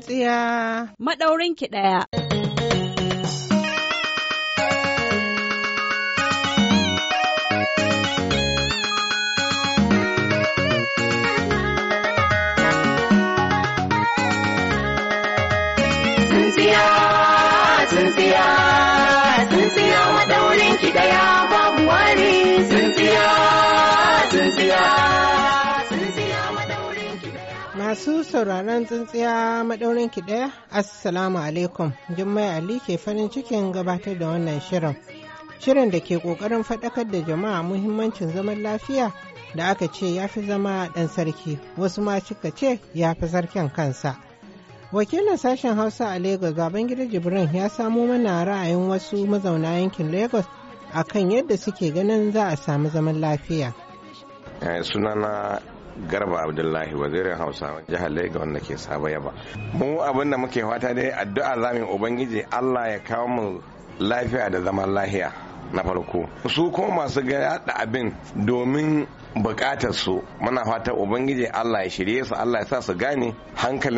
Auren tsiya. Maɗaurin ki ɗaya. Tsintsiya, Masu sauraron tsintsiya maɗaurin ki ɗaya, Assalamu alaikum, Jummai Ali ke farin cikin gabatar da wannan shirin. Shirin da ke ƙoƙarin faɗakar da jama'a muhimmancin zaman lafiya da aka ce ya fi zama ɗan sarki, wasu ma cika ce ya fi sarkin kansa. Wakilin sashen Hausa a Lagos, gida Jibrin ya samo mana ra'ayin wasu mazauna yankin Lagos akan yadda suke ganin za a samu zaman lafiya. Eh, sunana garba abdullahi wazirin hausawa jihar lagos wanda ke saba yaba mu abinda muke fata dai addu'a zamin ubangiji allah ya kawo mu lafiya da zaman lahiya na farko su kuma masu gada abin domin bukatar su muna fata ubangiji Allah ya shirye su Allah ya sa su gane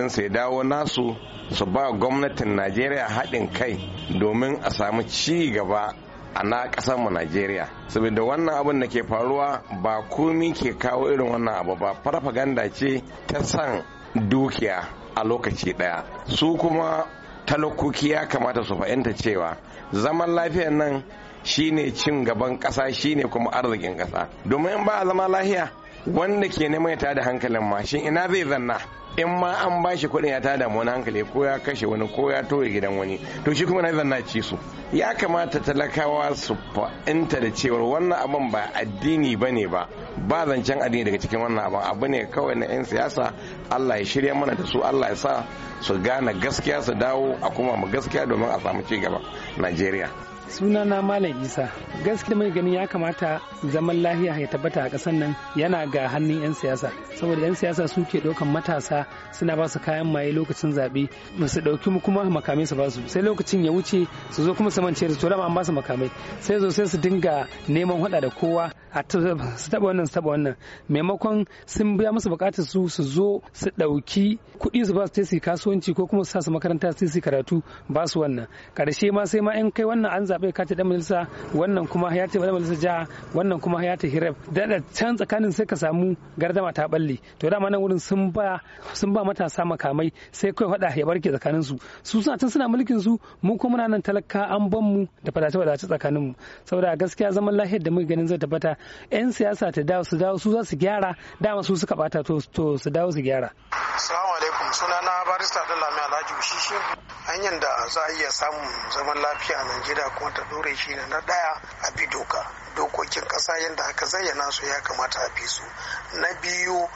su ya dawo nasu su ba gwamnatin Najeriya haɗin kai domin a samu ci gaba a na mu Najeriya. Saboda wannan abin da ke faruwa ba komi ke kawo irin wannan abu ba farfaganda ce ta san dukiya a lokaci ɗaya. Su kuma talakoki ya kamata su fahimta cewa zaman lafiyar nan shine cin gaban ƙasa shine kuma arzikin ƙasa. Domin ba a zama lafiya. wanda ke neman ya tada hankalin ma ina zai zanna in ma an ba shi kuɗin ya tada wani hankali ko ya kashe wani ko ya toye gidan wani to shi kuma na zanna ci su ya kamata talakawa su fa'inta da cewar wannan abin ba addini ba ne ba ba zancen addini daga cikin wannan abin abu ne kawai na 'yan siyasa allah ya shirya mana da su allah ya sa su gane gaskiya su dawo a kuma mu gaskiya domin a samu ci gaba najeriya suna na malam isa gaske mai gani ya kamata zaman lahiya ya tabbata a ƙasar nan yana ga hannun 'yan siyasa saboda 'yan siyasa suke ɗaukan matasa suna ba su kayan maye lokacin zaɓe su ɗauki kuma makamai su ba su sai lokacin ya wuce su zo kuma samance su tura an ba su makamai sai zo sai su dinga neman hada da kowa a su taba wannan su taba wannan maimakon sun biya musu bukatar su su zo su ɗauki kuɗi su ba su tesi kasuwanci ko kuma su sa su makaranta su karatu ba su wannan karshe ma sai ma in kai wannan an zaɓe kati da majalisa wannan kuma ya ta dan majalisa jiha wannan kuma ya ta hirab da can tsakanin sai ka samu gardama ta balle to dama nan wurin sun ba sun ba matasa makamai sai kai faɗa ya barke tsakanin su su suna tun suna mulkin su mun kuma muna nan talaka an ban mu da fadace fadace tsakanin mu saboda gaskiya zaman lahiyar da muke ganin zai tabbata yan siyasa ta dawo su dawo su za su gyara dama su suka bata to to su dawo su gyara assalamu alaikum sunana barista mai Alhaji Ushishi hanyar da za a iya samun zaman lafiya a Najeriya ko kamata dore shi ne na ɗaya a bi doka dokokin ƙasa yadda aka zayyana su ya kamata a bi su na biyu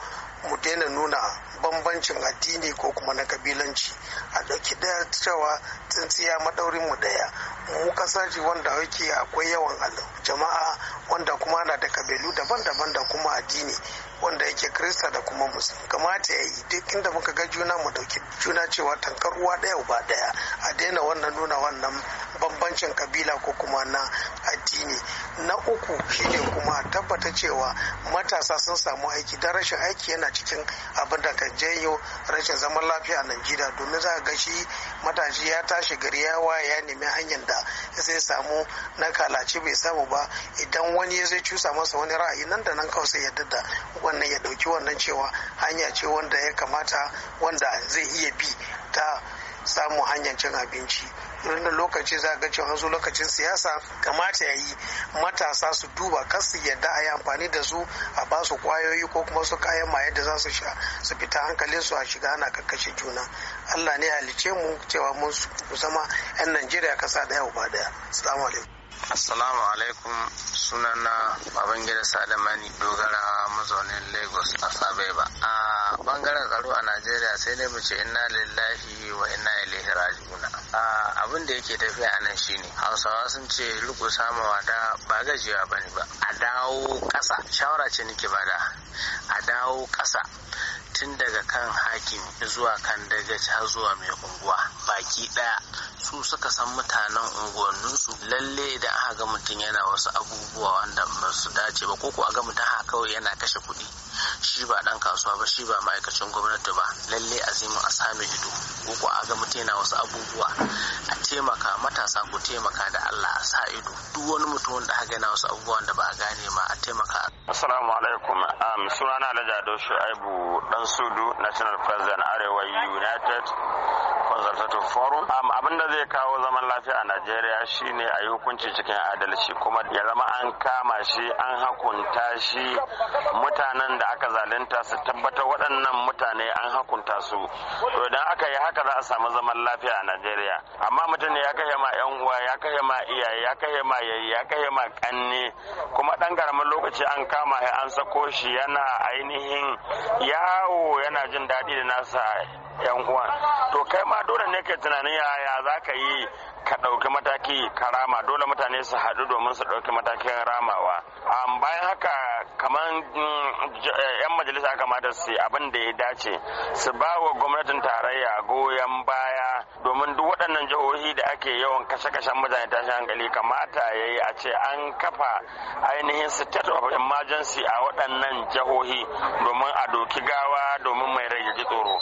mu daina nuna bambancin addini ko kuma na kabilanci a ɗauki ɗaya cewa tsintsiya maɗaurin mu daya mu kasashe wanda yake akwai yawan jama'a wanda kuma na da kabilu daban-daban da kuma addini wanda yake krista da kuma musulun kamata ya yi duk inda muka ga juna mu dauki juna cewa tankar uwa daya ba daya a daina wannan nuna wannan bambancin kabila ko kuma na addini na uku shine kuma tabbata cewa matasa sun samu aiki don rashin aiki yana cikin abin da kan janyo rashin zaman lafiya a najeriya domin za ga shi matashi ya tashi gari ya waye ya nemi hanyar da zai samu na kalaci bai samu ba idan wani ya zai cusa masa wani ra'ayi nan da nan kawai sai ya da wannan ya dauki wannan cewa hanya ce wanda ya kamata wanda zai iya bi ta samun hanyar cin abinci wanda lokaci za ga cewa zo lokacin siyasa kamata ya yi matasa su duba kar su yadda a yi amfani da su a ba su kwayoyi ko kuma su kayan maye da za su sha su fita hankalin su a shiga ana kakkashe juna allah ne halice mu cewa mun zama yan najeriya kasa daya uba daya assalamu alaikum Assalamu alaikum sunana Babangida Sadamani dogara mazaunin Lagos a Sabeba. A bangaren tsaro a Najeriya sai dai mu ce inna lillahi wa inna ilaihi raji'un. abin da yake tafiya a nan shine hausawa sun ce lugu samawa da ba gajiya ba ne ba a dawo ƙasa shawara ce nake bada a dawo ƙasa tun daga kan hakim zuwa kan daga har zuwa mai unguwa baki ɗaya su suka san mutanen unguwanninsu lalle da aka ga mutum yana wasu abubuwa wanda ba su dace ba ko kuwa ga mutum haka kawai yana kashe kuɗi shi ba dan kasuwa ba shi ba ma'aikacin gwamnati ba lalle azimin a same ido ko a ga mutum yana wasu abubuwa a taimaka matasa ku taimaka da Allah a sa ido duk wani mutum da haka yana wasu abubuwa da ba a gane ma a taimaka Assalamu alaikum um, sunana Alhaji Ado Shu'aibu Dan Sudu National President Arewa United mazartatu forum abin da zai kawo zaman lafiya a najeriya shine a yi hukunci cikin adalci kuma ya zama an kama shi an hakunta shi mutanen da aka zalunta su tabbatar waɗannan mutane an hakunta su to idan aka yi haka za a samu zaman lafiya a najeriya amma mutum ne ya kashe ma yan uwa ya kashe ma iyaye ya kashe ma yayi ya kashe ma kanne kuma dan karamin lokaci an kama shi, an sako shi yana ainihin yawo yana jin daɗi da nasa yan uwan to kai ma dole ne ke tunanin yaya za ka yi ka ɗauki mataki ka rama dole mutane su haɗu domin su ɗauki matakin ramawa bayan haka kamar mm, eh, yan majalisa kamata su abin da ya dace su ba wa gwamnatin tarayya goyon baya domin duk waɗannan jihohi da ake yawan kashe-kashen mutane ta hankali kamata ya yi a ce an kafa ainihin state of emergency a waɗannan jihohi domin a doki gawa domin mai rage tsoro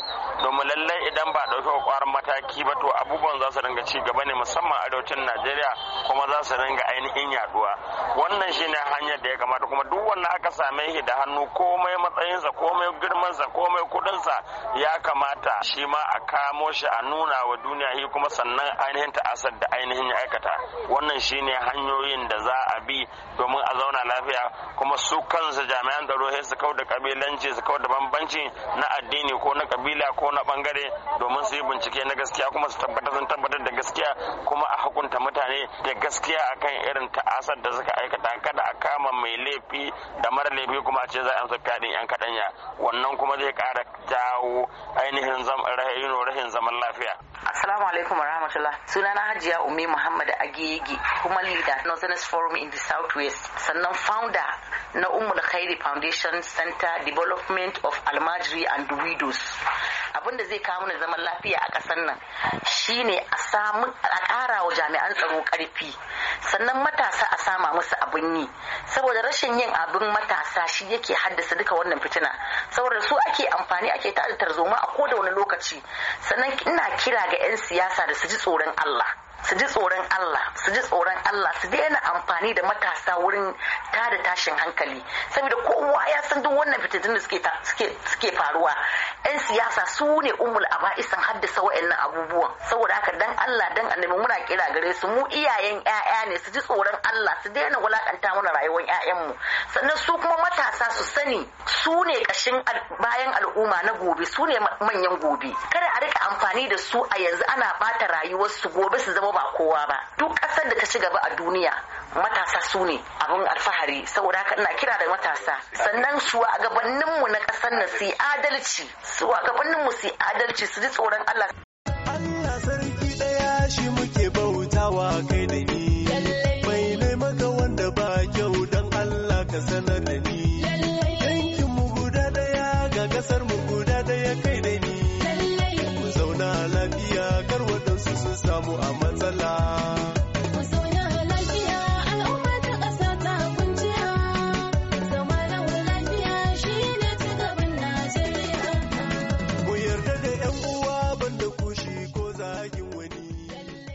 domin lallai idan ba ɗauki kwakwar mataki ba to abubuwan za su dinga ci gaba ne musamman arewacin najeriya kuma za su dinga ainihin yaduwa wannan shine hanyar da ya kamata kuma duk wannan aka same shi da hannu komai matsayinsa komai girmansa komai kudinsa ya kamata shi ma a kamo shi a nuna wa duniya shi kuma sannan ainihin ta'asar da ainihin ya aikata wannan ne hanyoyin da za a bi domin a zauna lafiya kuma su kansu jami'an tsaro sai su kawo da kabilanci su kawo da bambanci na addini ko na kabila ko na bangare domin su yi bincike na gaskiya kuma su tabbatar sun tabbatar da gaskiya kuma a hukunta mutane da gaskiya akan irin ta'asar da suka aikata kada kama mai laifi da mara laifi kuma a ce za a amsa fyaɗin yan kaɗanya wannan kuma zai ƙara jawo ainihin rahin zaman lafiya. Assalamu alaikum wa rahmatullah. Sunana Hajiya Umi Muhammad Agiyegi, kuma leader Northerners Forum in the Southwest sannan founder na Ummul Khairi Foundation Center Development of Almajiri and Widows. Abin da zai kawo na zaman lafiya a ƙasar nan shine a samu a ƙara wa jami'an tsaro ƙarfi sannan matasa a sama musu abin yi saboda rashin yin abin matasa shi yake haddasa duka wannan fitina saboda su ake amfani ake tada tarzoma a koda wani lokaci sannan ina kira ga 'yan siyasa da su ji tsoron Allah su ji tsoron Allah su ji tsoron Allah su daina amfani da matasa wurin tada tashin hankali saboda kowa ya san duk wannan fitattun da suke faruwa yan siyasa su ne umul a baisan haddasa wa'annan abubuwan saboda haka dan Allah dan annabi muna kira gare su mu iyayen ƴaƴa ne su ji tsoron Allah su daina wulakanta mana rayuwar mu sannan su kuma matasa su sani su ne kashin bayan al'umma na gobe su ne manyan gobe kada a rika amfani da su a yanzu ana bata rayuwarsu gobe su zama ba ba kowa ba duk ƙasar da ta ci gaba a duniya matasa su ne abin alfahari saboda haka ina kira da matasa sannan gabanin mu na ƙasar nan su adalci gabanin mu su adalci su ji tsoron Allah Allah sarki daya shi muke bautawa kai da ni mai maka wanda ba kyau dan Allah ka sanar da ni yankin mu guda daya ga kasar mu guda daya kai da ni mu zauna lafiya kar wadansu sun samu amana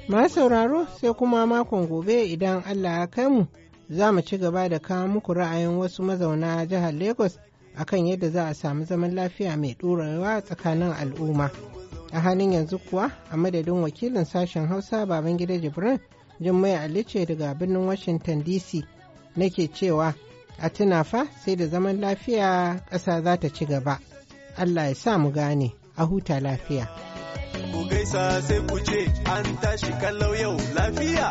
Ma sauraro sai kuma makon gobe idan Allah ya kai mu za mu ci gaba da kawo muku ra'ayin wasu mazauna jihar Lagos akan yadda za a samu zaman lafiya mai ɗorewa tsakanin al'umma. A halin yanzu kuwa a madadin wakilin sashen Hausa Babangida Jibrin Jummai Ali ce daga birnin Washington DC nake cewa a tuna fa sai da zaman lafiya ƙasa za ta ci gaba. Allah ya sa mu gane a huta lafiya. ku gaisa sai ku ce an tashi kallau yau lafiya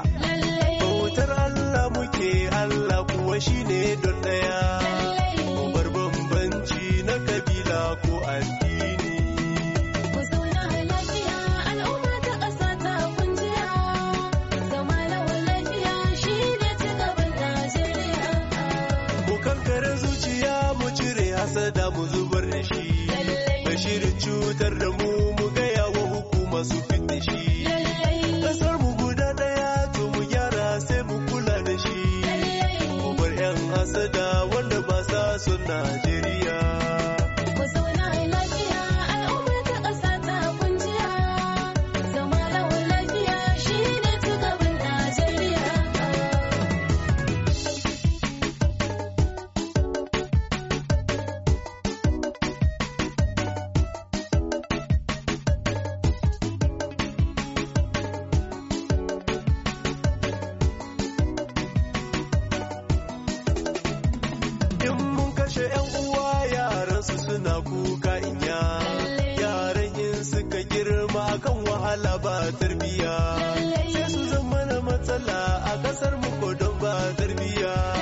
bautar Allah muke Allah kuwa shine don daya bar bambanci na kabila ko addini kankare zuciya mu cire hasada mu zubar da shi Bashirin shirin cutar da mu Najeriya. tarbiyya sai su zama na matsala a kasar mu ko don ba tarbiyya